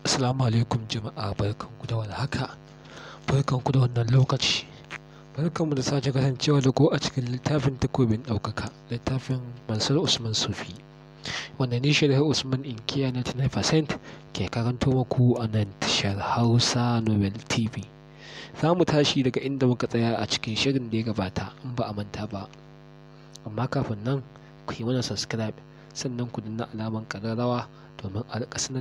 Assalamu alaikum jama'a barkanku da warhaka barkanku da wannan lokaci barkanmu da sake kasancewa da ko a cikin littafin takobin ɗaukaka littafin Mansur Usman Sufi wanda ni shirya Usman Inkiya na 99% ke karanto maku a nan tashar Hausa Nobel TV za mu tashi daga inda muka tsaya a cikin shirin da ya gabata in ba a manta ba amma kafin nan ku yi mana subscribe sannan ku danna alamar ƙararrawa domin a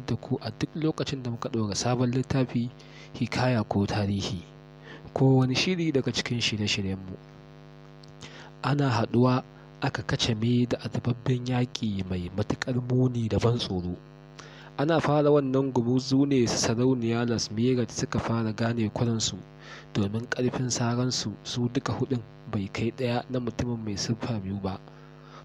da ku a duk lokacin da muka ɗora sabon littafi hikaya ko tarihi ko wani shiri daga cikin shirye-shiryenmu ana haɗuwa aka kace me da azababben yaƙi mai matuƙar muni da ban tsoro ana fara wannan gumuzu ne sarauniya Las lasmirat suka fara gane kwaransu, domin ƙarfin saransu su duka hudun bai kai ɗaya na mutumin mai siffa biyu ba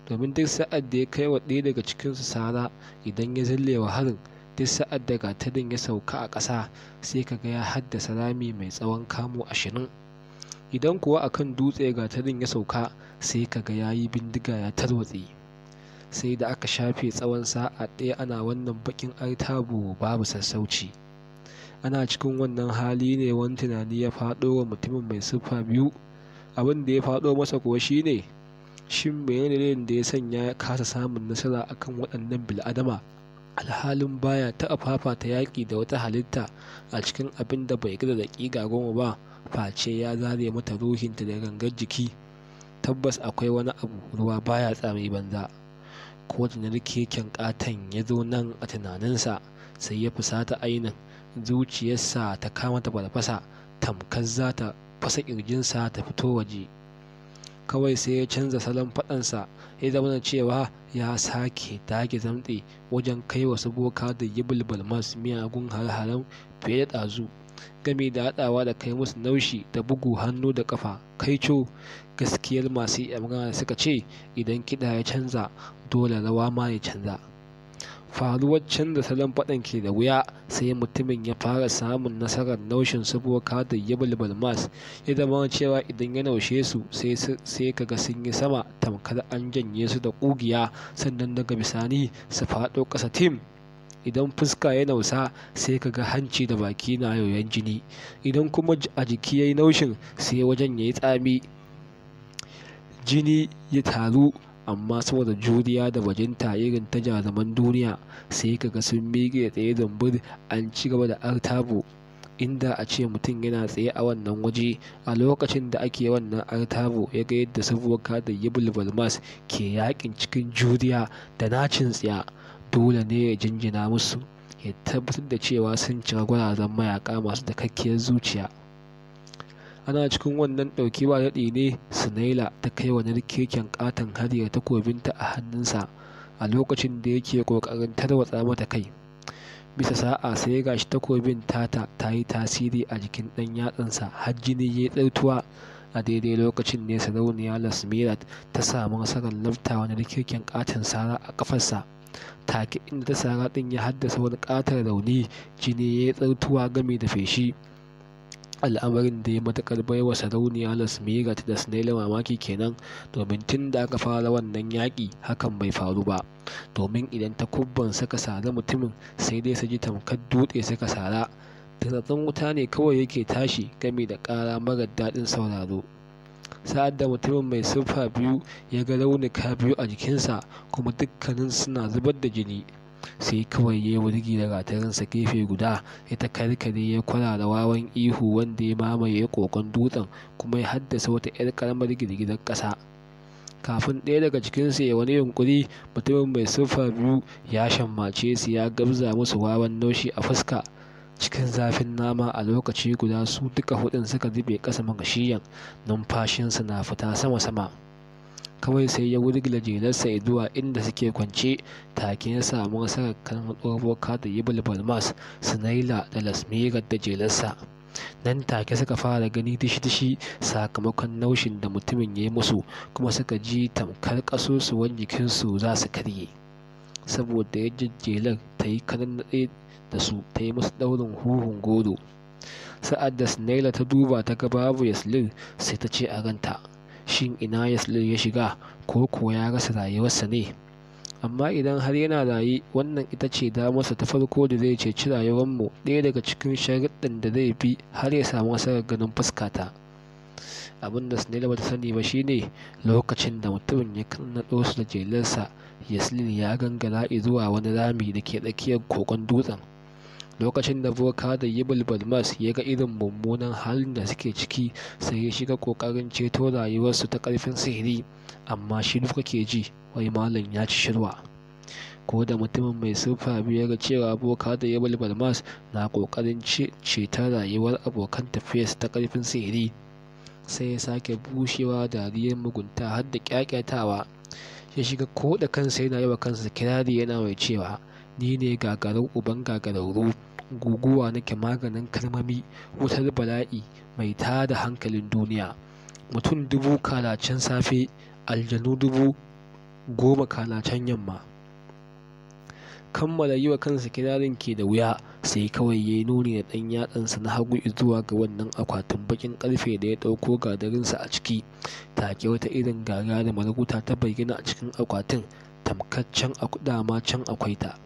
domin duk sa'ad da ya kai wa ɗaya daga cikinsu sara idan ya zille wa harin duk sa'ad da gatarin ya sauka a ƙasa sai ka ga ya haddasa rami mai tsawon kamu ashirin idan kuwa akan dutse gatarin ya sauka sai ka ga ya yi bindiga ya tarwatse sai da aka shafe tsawon sa'a ɗaya ana wannan bakin artabu babu sassauci ana cikin wannan hali ne wani tunani ya faɗo wa mutumin mai siffa biyu abin da ya faɗo masa kuwa shine shin menene dalilin da ya sanya ya kasa samun nasara akan waɗannan bil'adama alhalin baya taɓa fafata yaƙi da wata halitta a cikin abin da bai gida ƙiga goma ba face ya zare mata ruhinta da gangar jiki tabbas akwai wani abu ruwa baya tsami banza ko da keken ƙaton ya zo nan a tunaninsa sai ya fusata ainin zuciyarsa ta kama ta barfasa tamkar za ta fasa ƙirjinsa ta fito waje kawai sai ya canza salon faɗansa ya zama da cewa ya sake dage zamɗe wajen kai wasu boka da yibulbul masu miyagun har-haren fiye da ɗazu gami da haɗawa da kai musu naushi da bugu hannu da ƙafa co gaskiyar masu da suka ce idan kiɗa ya canza dole rawa ma ya canza faruwar can da salon faɗin ke da wuya sai mutumin ya fara samun nasarar naushin sabuwar kada ya bulbul mas ya zama cewa idan ya naushe su sai kaga sun yi sama tamkar an janye su da ƙugiya sannan daga bisani su faɗo ƙasa tim idan fuska ya nausa sai kaga hanci da baki na yoyon jini idan kuma a jiki ya yi naushin sai wajen ya yi tsami jini ya taru amma saboda juriya da bajinta irin ta jaruman duniya sai kaga sun miƙe tsaye dambur an ci gaba da artabu inda a ce mutum yana tsaye a wannan waje a lokacin da ake wannan artabu ya ga yadda sabuwar da yibul balmas ke yakin cikin juriya da nacin tsaya dole ne ya jinjina musu ya tabbatar da cewa sun ci gwarazan mayaka masu takakkiyar zuciya ana cikin wannan ɗauki ba daɗi ne sunaila ta kai wa narkeken katon hari da takobinta a hannunsa a lokacin da yake kokarin tarwatsa mata kai bisa sa'a sai gashi takobin tata ta yi tasiri a jikin ɗan yatsansa har jini ya tsartuwa a daidai lokacin ne sarauniya lasmirat ta samu nasarar lafta wani rikirkin katin sara a kafarsa take inda ta sara din ya haddasa wani katar rauni jini ya tsartuwa gami da feshi al'amarin da ya matakar baiwa sarauniya lasmirat da Sinele mamaki kenan domin tun da aka fara wannan yaƙi hakan bai faru ba domin idan ta kubban saka sara mutumin sai dai su ji tamkar dutse saka sara tatsatsin wuta ne kawai yake tashi game da ƙara mara daɗin sauraro sa'ad da mutumin mai siffa biyu ya ga raunuka biyu a jikinsa kuma dukkanin suna zubar da jini sai kawai ya wurgi da ratarinsa gefe guda ya ta karkare ya da wawan ihu wanda ya mamaye kokon dutsen kuma ya haddasa wata 'yar karamar girgizar kasa kafin ɗaya daga cikinsu ya wani yunkuri mutumin mai siffa biyu ya shammace su ya gabza musu wawan naushi a fuska cikin zafin nama a lokaci guda su duka hudun suka zube ƙasa magashiyan numfashinsu na fita sama-sama kawai sai ya wurgila jelarsa zuwa inda suke kwance take ya samu nasarar kan tsohuwar da yi balmas sinaila da lasmirar da jelarsa nan take suka fara gani dishi-dishi sakamakon naushin da mutumin ya yi musu kuma suka ji tamkar ƙasusuwan jikinsu za su karye saboda ya jijjelar ta yi kanan da su ta yi musu daurin huhun goro sa'ad da sinaila ta duba ta ga babu yaslin sai ta ce a ranta shin ina Yaslir ya shiga ko kuwa ya rasa rayuwarsa ne amma idan har yana raye wannan ita ce damarsa ta farko da zai ceci rayuwarmu ɗaya daga cikin sharuɗin da zai bi har ya samu nasarar ganin fuskata abin da Sunaila bata sani ba shine lokacin da mutumin ya naɗo su da jelarsa Yaslin ya gangara zuwa wani rami da ke tsakiyar kogon dutsen lokacin da boka da yibul balmas ya ga irin mummunan halin da suke ciki sai ya shiga kokarin ceto rayuwarsu ta karfin sihiri amma shi duka ke ji wai malam ya ci shirwa ko da mutumin mai siffa ga cewa boka da yabal balmas na kokarin ceto rayuwar abokan su ta karfin sihiri sai ya sake bushewa dariyar mugunta har da kyakkyatawa ya shiga ko da kansa yana yi wa kansa kirari yana mai cewa ni ne gagarin uban gagararru guguwa nake maganin kalmami wutar bala'i mai da hankalin duniya mutum dubu kalacen safe aljanu dubu goma kalacen yamma kammala yi wa kansa kirarin ke da wuya sai kawai ya yi nuni da ɗan yatsansa na hagu zuwa ga wannan akwatin bakin ƙarfe da ya ɗauko gadarinsa a ciki take wata irin gara da marubuta ta bayyana a cikin akwatin tamkaccen dama can akwai ta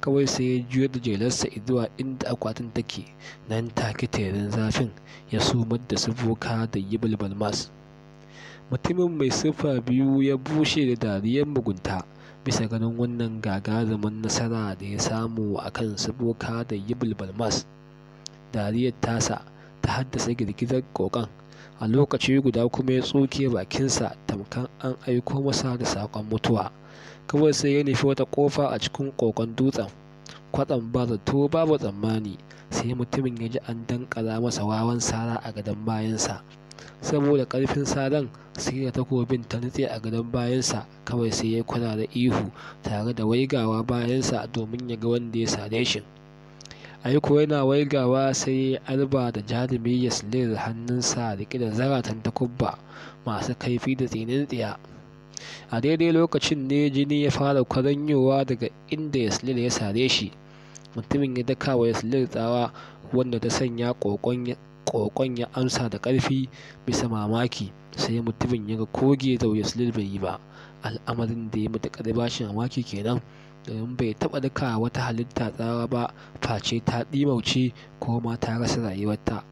kawai sai ya juya da jelarsa zuwa inda akwatin take nan take terin zafin ya sumar da sufoka da yi mas mutumin mai siffa biyu ya bushe da dariyar mugunta bisa ganin wannan gagarumin nasara da ya samu a kan sufoka da yi mas dariyar tasa ta haddasa girgizar kokan a lokaci guda kuma ya tsoke bakinsa tamkar an aiko masa da saƙon mutuwa kawai sai ya nufi wata kofa a cikin kokon dutsen kwatsam ba zato babu tsammani sai mutumin ya ji an dankala masa wawan sara a gadon bayansa saboda karfin saran sai da takobin ta nutse a gadon bayansa kawai sai ya kula da ihu tare da waigawa bayansa domin ya ga wanda ya sare shi aiko yana waigawa sai ya alba da jarumi ya hannunsa riƙe da zaratan takubba masu kaifi da tsinin tsiya a daidai lokacin ne jini ya fara kwaranyowa daga inda yaslir ya sare shi mutumin ya daka wa yaslir tsawa wanda ta sanya kokon ya amsa da karfi bisa mamaki sai mutumin ya ga koge da yaslir bai yi ba al'amarin da ya matuƙar bashi mamaki kenan domin bai taba daka wata halitta tsawa ba face ta ɗimauce ko ma ta rasa rayuwarta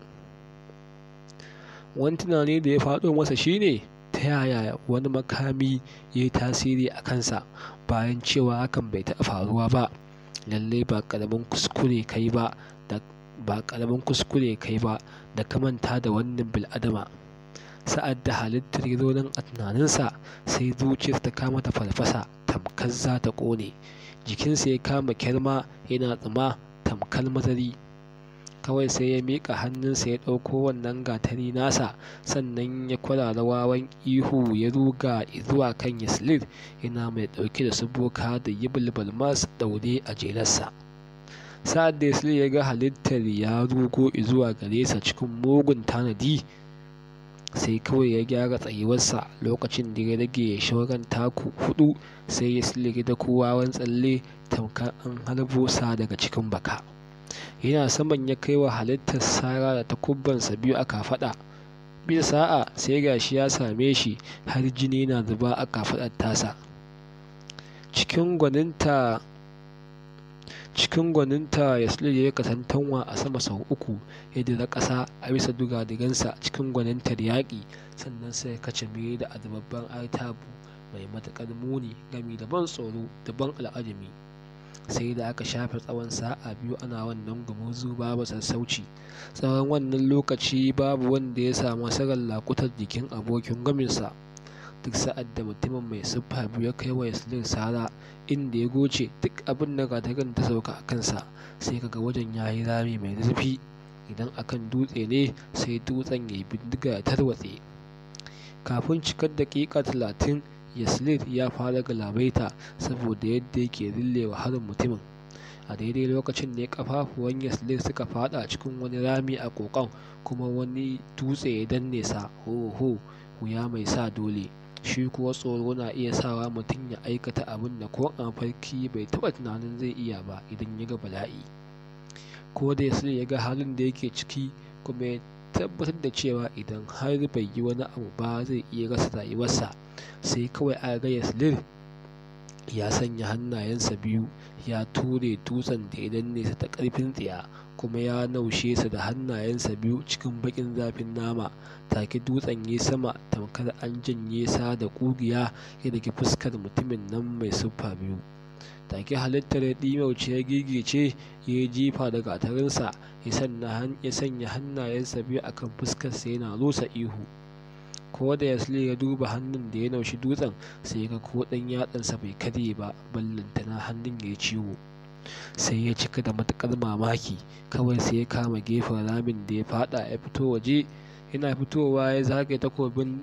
wani tunani da ya faɗo masa shine ta yaya wani makami ya yi tasiri a kansa bayan cewa hakan bai taɓa faruwa ba lallai ba ƙaramin kuskure kai ba da ba ƙaramin kuskure kai ba da ka manta da wannan bil'adama sa'ad da halittar ya a tunaninsa sai zuciyar ta kama ta farfasa tamkar za ta ƙone jikinsa ya kama kyarma yana tsima tamkar mazari kawai sai ya miƙa hannunsa ya ɗauko wannan gatari nasa sannan ya da wawan ihu ya ruga zuwa kan yaslir yana mai ɗauke da su boka da yibulbul masu ɗaure a jerarsa sa'ad da yaslir ya ga halittar ya rugo zuwa gare sa cikin mugun tanadi sai kawai ya gyara tsayuwarsa lokacin da ya rage shauran taku hudu sai ya silire da kowa tsalle tamkar an harbo daga cikin baka yana saman ya kai wa halittar sara da takubbansa biyu a kafaɗa bisa sa'a sai gashi ya same shi har jini na zuba a kafaɗar tasa cikin gwaninta cikin gwaninta ya sule ya kasantanwa a sama sau uku ya dira ƙasa a bisa dugadigansa cikin cikin gwanintar yaƙi sannan sai ya kace mai da azababban artabu mai matuƙar muni gami da ban tsoro da ban al'ajami sai da aka shafe tsawon sa'a biyu ana wannan gumuzu babu sassauci tsawon wannan lokaci babu wanda ya samu nasarar lakutar jikin abokin gaminsa duk sa'ad da mutumin mai siffa biyu ya kai wa yaslin sara inda ya goce duk abin da gatarin ta sauka a kansa sai kaga wajen ya yi rami mai zurfi idan akan dutse ne sai dutsen ya bindiga ya tarwatse kafin cikar daƙiƙa talatin yaslir ya fara galabaita saboda yadda yake rillewa harin mutumin a daidai lokacin ne kafafuwan yaslir suka fada cikin wani rami a kokon kuma wani dutse ya danne sa ho wuya mai sa dole shi kuwa tsoro na iya sawa mutum ya aikata abin da ko an farki bai taba tunanin zai iya ba idan ya ga bala'i ko da yasir ya ga halin da yake ciki kuma tabbatar da cewa idan har bai yi wani abu ba zai iya rasa rayuwarsa sai kawai a gaya silir ya sanya hannayensa biyu ya ture dutsen da ya danne sa ta karfin tsiya kuma ya naushe sa da hannayensa biyu cikin bakin zafin nama take dutsen ya sama tamkar an janye sa da ƙugiya ya daki fuskar mutumin nan mai siffa biyu take halittar ya ɗimauce ya gigice ya jifa da gatarinsa ya sanya hannayensa biyu a kan fuskarsa yana rusa ihu ko da yasli ya duba hannun da ya naushi dutsen sai ga ko ɗan yatsansa bai karye ba ballantana hannun ya ciwo sai ya cika da matuƙar mamaki kawai sai ya kama gefen ramin da ya faɗa. ya fito waje yana fitowa ya zage takobin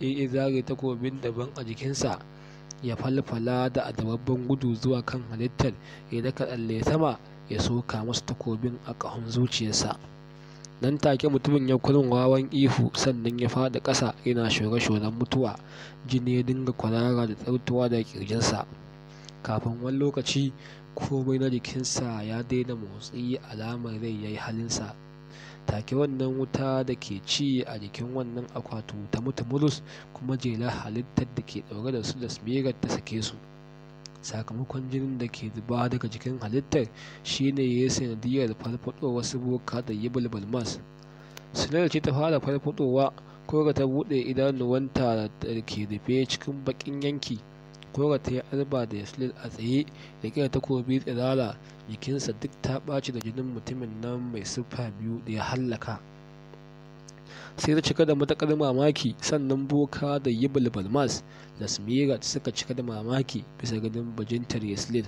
ya zage takobin daban a jikinsa ya falfala da adababben gudu zuwa kan halittar ya daka tsalle sama ya soka masu takobin a ƙahon zuciyarsa nan take mutumin ya kurin wawan ihu sannan ya faɗi ƙasa yana shore-shoren mutuwa jini ya dinga kwarara da tsautuwa da kirjinsa kafin wani lokaci komai na jikinsa ya daina motsi alamar rai ya yi halinsa take wannan wuta da ke ci a jikin wannan akwatu ta mutu mulus kuma jela halittar da ke ɗaure da su da smirar ta sake su sakamakon jinin da ke zuba daga jikin halittar shine ya yi sanadiyar farfaɗo wasu boka da yi mas sinar ce ta fara farfadowa ko ta buɗe idanuwanta da ke rufe cikin baƙin yanki ta yi arba da yaslir a tsaye ya kira takobi tsirara jikinsa duk ta ɓaci da jinin mutumin nan mai siffa biyu da ya hallaka sai ta cika da matakar mamaki sannan boka da bulbul balmas da smirat suka cika da mamaki bisa ganin bajintar yaslir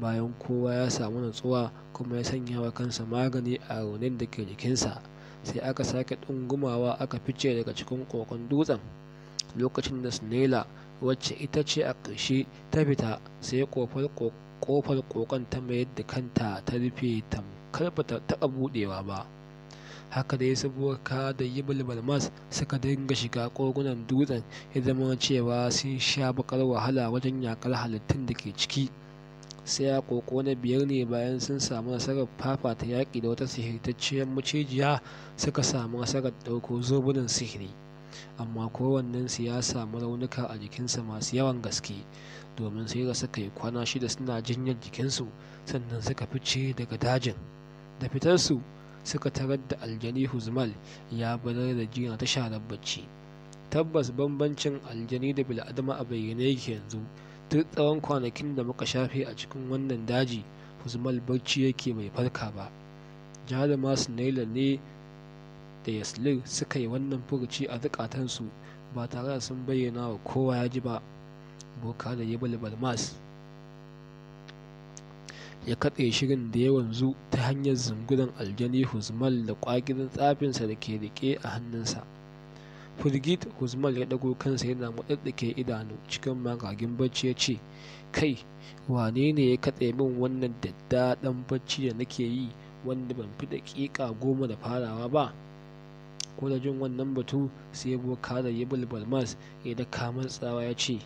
bayan kowa ya samu natsuwa kuma ya sanya wa kansa magani a raunin da ke jikinsa sai aka sake ɗungumawa aka fice daga cikin kokon dutsen lokacin da snela wacce ita ce a ƙarshe ta fita sai ƙofar ƙofar ta mayar da kanta ta rufe tamkar ba ta taɓa buɗewa ba haka dai saboda da yi mas suka dinga shiga kogunan dutsen ya zama cewa sun sha bakar wahala wajen yakar halittun da ke ciki sai a koko na biyar ne bayan sun samu nasarar ta yaƙi da wata sihirtacciyar macijiya suka samu nasarar ɗauko zobunan sihiri amma su ya samu raunuka a jikinsa masu yawan gaske domin sai da suka yi kwana shida suna jinyar jikinsu sannan suka fice daga dajin da fitarsu suka tarar da aljani huzmal ya barar da jina ta sharar bacci tabbas bambancin aljani da bil'adama a bayyane yake yanzu duk tsawon kwanakin da muka shafe a cikin wannan daji huzmal bacci yake mai farka ba jaruma sunaila ne da yaslir suka yi wannan furuci a zukatansu ba tare da sun bayyana wa kowa ya ji ba boka da yabal balmas ya katse shirin da ya wanzu ta hanyar zungudan aljani huzmal da kwagidin tsafinsa da ke rike a hannunsa firgit huzmal ya dago kansa yana maɗaɗɗake idanu cikin magagin bacci ya ce kai wane ne ya katse min wannan daddaɗan bacci da nake yi wanda ban fi daƙiƙa goma da farawa ba ko jin wannan batu sai boka da bulbul balmas ya da kamar tsawa ya ce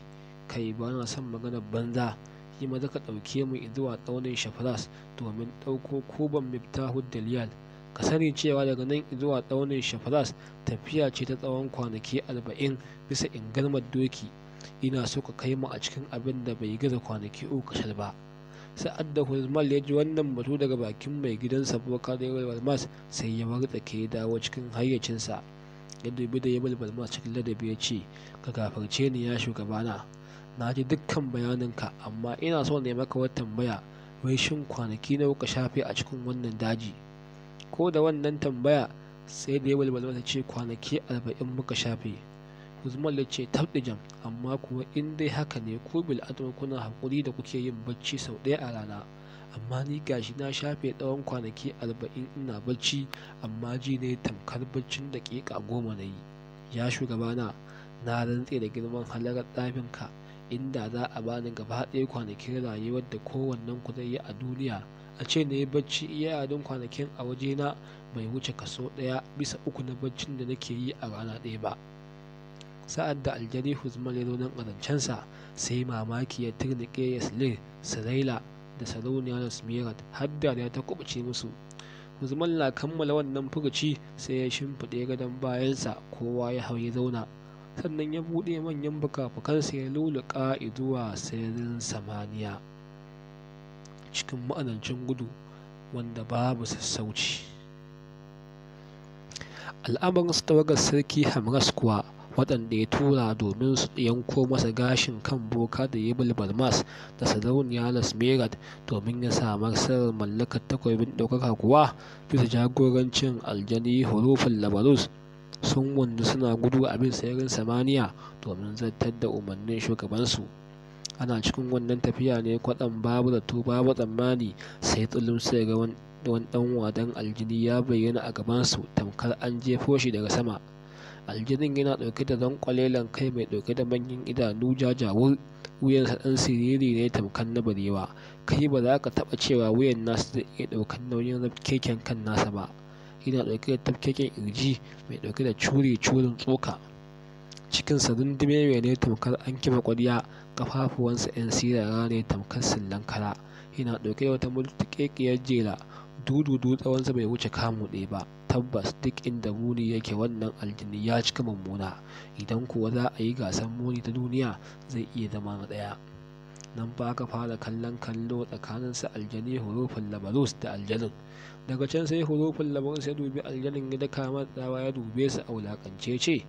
kai ba na son maganar banza yi maza ka ɗauke mu zuwa tsaunin shafras domin dauko kuban miftahud daliyal ka sani cewa daga nan zuwa tsaunin shafras tafiya ce ta tsawon kwanaki arba'in bisa ingalmar doki ina so ka kai mu a cikin abin da bai gaza kwanaki uku ba sa'ad da hulmal ya ji wannan batu daga bakin mai gidansa bokar balmas sai ya wartsake ya dawo cikin hayyacinsa ya dubi da yabal balmas cikin ladabi ya ce ka gafarce ni ya shugabana na ji dukkan bayaninka amma ina so ne maka wata tambaya wai shin kwanaki na ka shafe a cikin wannan daji ko da wannan tambaya sai da yabal balmas ya ce kwanaki arba'in muka shafe Usman ya ce jam amma kuwa in dai haka ne ko bil kuna haƙuri da kuke yin bacci sau ɗaya a rana amma ni gashi na shafe tsawon kwanaki arba'in ina bacci amma ji ne tamkar baccin daƙiƙa goma na yi ya shugabana na rantse da girman halarar ka inda za a bani gaba ɗaya kwanakin rayuwar da kowannen ku zai yi a duniya a ce na yi bacci iya adon kwanakin a waje na bai wuce kaso ɗaya bisa uku na baccin da nake yi a rana ɗaya ba sa'ad da aljani huzmal ya zo nan ƙazancensa sai mamaki ya turnike yaslir saraila da sarauniya har da ya ta kubuce musu huzman na kammala wannan furuci sai ya shimfiɗe gadon bayansa kowa ya hau ya zauna sannan ya buɗe manyan fuka ya luluka zuwa sararin samaniya cikin ma'anancin gudu wanda babu sassauci al'amarin tawagar sarki hamras kuwa waɗanda ya tura domin su yanko masa gashin kan boka da ya bulbal mas da sarauniya lasmerat domin ya samar sirrin mallakar takwabin ɗaukaka kuwa bisa jagorancin aljani hurufin labarus sun wanda suna gudu a bin sayarin samaniya domin zartar da umarnin shugabansu ana cikin wannan tafiya ne kwaɗan babu da babu tsammani sai tsulum sai ga wani dan wadan aljini ya bayyana a gabansu tamkar an jefo shi daga sama aljinin yana dauke da zankwalelan kai mai dauke da manyan idanu jajawur wuyansa dan siriri ne tamkan na barewa kai ba za ka taba cewa wuyan nasa zai iya daukan nauyin keken kan nasa ba yana dauke da tafkeken irji mai dauke da curi curin tsoka cikinsa mai ne tamkar an kwadiya kafafuwan kafafuwansa 'yan sirara ne tamkar sillan kara yana dauke da wata multikekiyar jela dududu tsawonsa bai wuce kamu ɗaya ba tabbas duk inda muni yake wannan aljini ya cika mummuna idan kuwa za a yi gasar muni ta duniya zai iya zama na ɗaya nan ba ka fara kallon kallo tsakanin su aljani hurufin labarus da aljanin daga can sai hurufin labarus ya dubi aljanin ya daka matsawa ya dube su a wulakance ce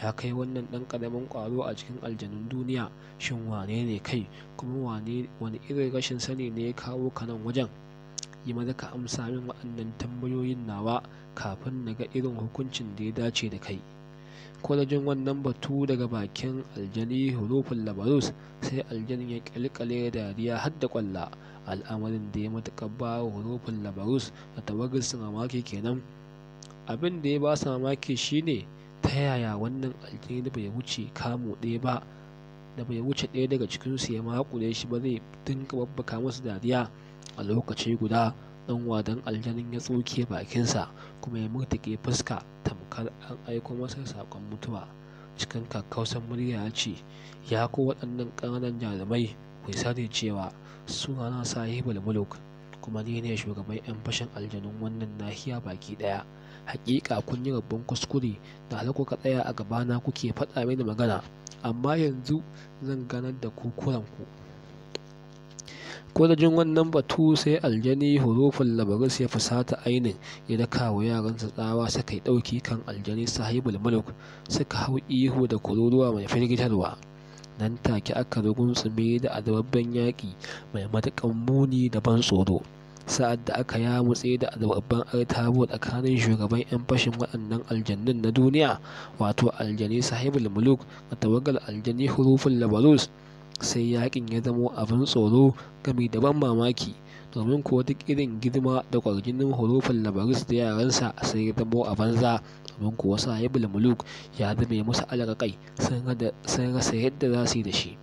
ya kai wannan dan karamin kwaro a cikin aljanun duniya shin wane ne kai kuma wane wani irin rashin sani ne ya kawo ka nan wajen yi maza ka amsa min waɗannan tambayoyin nawa kafin na ga irin hukuncin da ya dace da kai ko wannan batu daga bakin aljani hurufin labarus sai aljanin ya kyalkyale da dariya har da kwalla al'amarin da ya matuƙa ba hurufin labarus da tawagar su mamaki kenan abin da ya ba su mamaki shine ta yaya wannan aljani da bai wuce kamu ɗaya ba da bai wuce ɗaya daga cikinsu ya makule shi ba zai dinka babbaka musu dariya a lokaci guda ɗan wadan aljanin ya tsoke bakinsa kuma ya murtuke fuska tamkar an aiko masa sakon mutuwa cikin kakkausan murya ya ce ya ku waɗannan ƙananan jarumai ku sani cewa sunana sahibul muluk kuma ni ne shugaban 'yan fashin aljanun wannan nahiya baki ɗaya hakika kun yi rabban kuskure da hal tsaya a gabana kuke faɗa mini magana amma yanzu zan ganar da ku kuranku kwarjin wannan batu sai aljani hurufin Labarus ya fusata ainin ya kawo yaran yaransa tsawa suka yi ɗauki kan aljani sahibul mulk suka hau ihu da kururuwa mai firgitarwa nan take aka rugunsume da adababben yaƙi mai matakan muni da ban tsoro sa'ad da aka yamutse da adababben artabo tsakanin shugaban 'yan fashin waɗannan aljannun na duniya wato aljani sahibul muluk da tawagar aljani hurufin labarus sai yakin ya zamo abin tsoro gami da ban mamaki domin kuwa duk irin girma da kwarjinin hurufin labaris da yaransa sai ya zamo a banza domin kuwa sahibul muluk ya zame musu alaƙaƙai sun rasa yadda za su yi da shi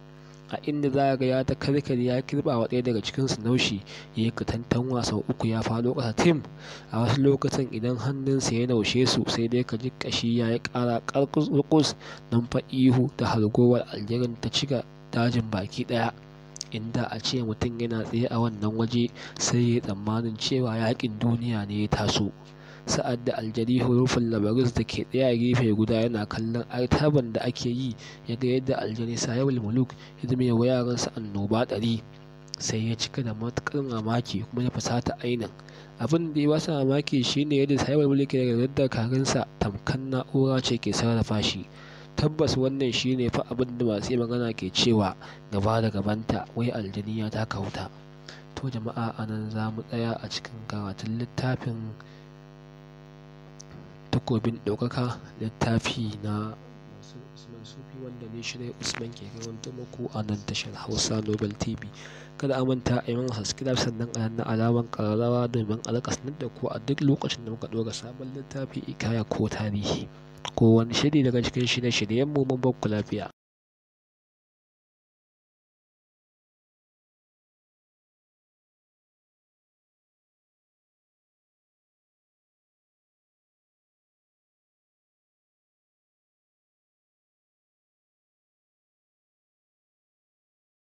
a inda za ga ya ta karkare ya kirba wa ɗaya daga cikinsu naushi ya yi katantan wasa uku ya faɗo ƙasa tim a wasu lokacin idan hannunsa ya naushe su sai dai ka ji ƙashi ya yi ƙara ƙarƙus don fa ihu da hargowar aljerin ta cika dajin baki ɗaya inda a ce mutum yana tsaye a wannan waje sai ya tsammanin cewa yakin duniya ne ya taso sa'ad da aljari hurufin labaris da ke tsaye a gefe guda yana kallon artaban da ake yi ya ga yadda aljani sayawul muluk ya zama yawa yaransa annoba ɗari sai ya cika da matukar mamaki kuma ya fasata ainin abin da ya basa mamaki shine yadda sayawul muluk ya ga yadda karinsa tamkan na'ura ce ke sarrafa shi tabbas wannan shine fa abin da masu magana ke cewa gaba da gabanta wai aljaniya ta kauta to jama'a anan za mu tsaya a cikin karatun littafin takobin daukaka littafi na usman sufi wanda ne shi usman ke karanto muku a nan tashar hausa nobel tv kada a manta a yi mana subscribe sannan a yanar alaman kararrawa domin alƙasar da ku a duk lokacin da muka ɗora sabon littafi ikaya ko tarihi ko wani shiri daga cikin shirye-shiryenmu mun bakku lafiya.